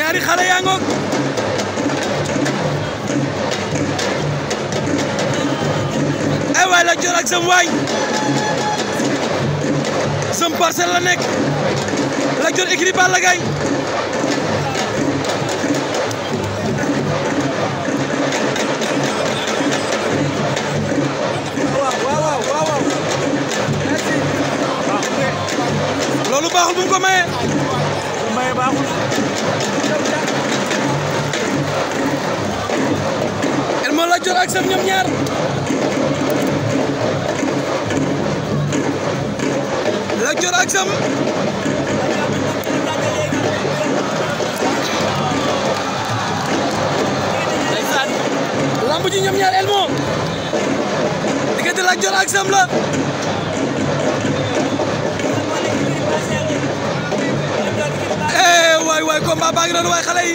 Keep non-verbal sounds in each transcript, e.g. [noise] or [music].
ñaari xale yaa ngoog ay waay la jor ak sam waay sam parcelle la nekk la jor loolu baaxul bu ñu ko baaxul el moo la jor ak sam ñoom ñaar la jor ak sam lamb ji ñoom ñaar el moo diggante la jor ak sam la combat baa ngi doon waaye xale yi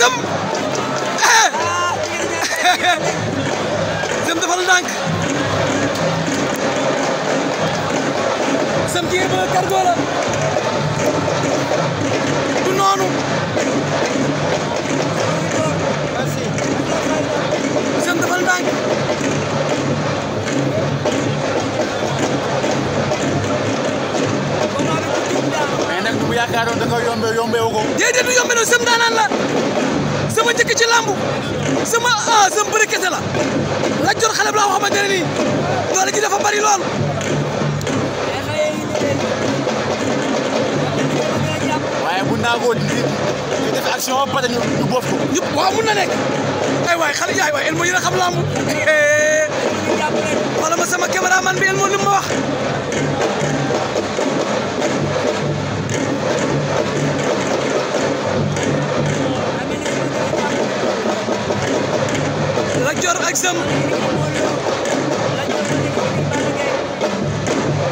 Zem eh [laughs] Zem defal ndànk Zem kii yëpp cargo la yaakaaroon da nga yombe yombe wu ko. déedéet yombe noonu sëm daanaan la sama njëkk ci sama ah sama bëri la la jor xale bi laa xamante ne nii doole bari lool. waaye mun naa koo di di def action ba ñu ñu ñu waaw mun na nekk ay waay xale yaay waay el moo yéen a xam [laughs] wala ma sama cameraman bi el moo Kajoor ak Sëm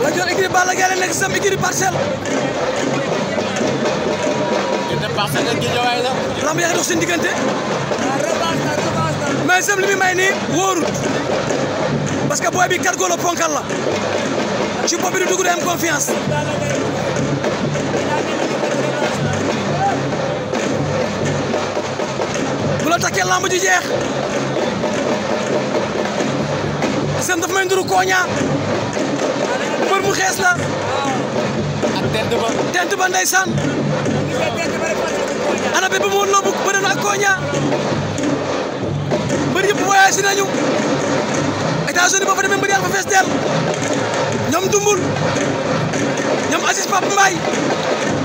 Kajoor écurie Balla may nii wóorut parce que booy bi cargo la ponkal la ci bopp bi du dugg du am confiance bu seen daf may nduru kooña mbër mu xees la. ak tent ba. tent ba ndeysaan. ana bépp mu woon loo bëgg na ak kooña. mbër yëpp voyage nañu. États-Unis fa demee mbër fa fees ñoom Dumbul. ñoom Aziz Pape Mbaye.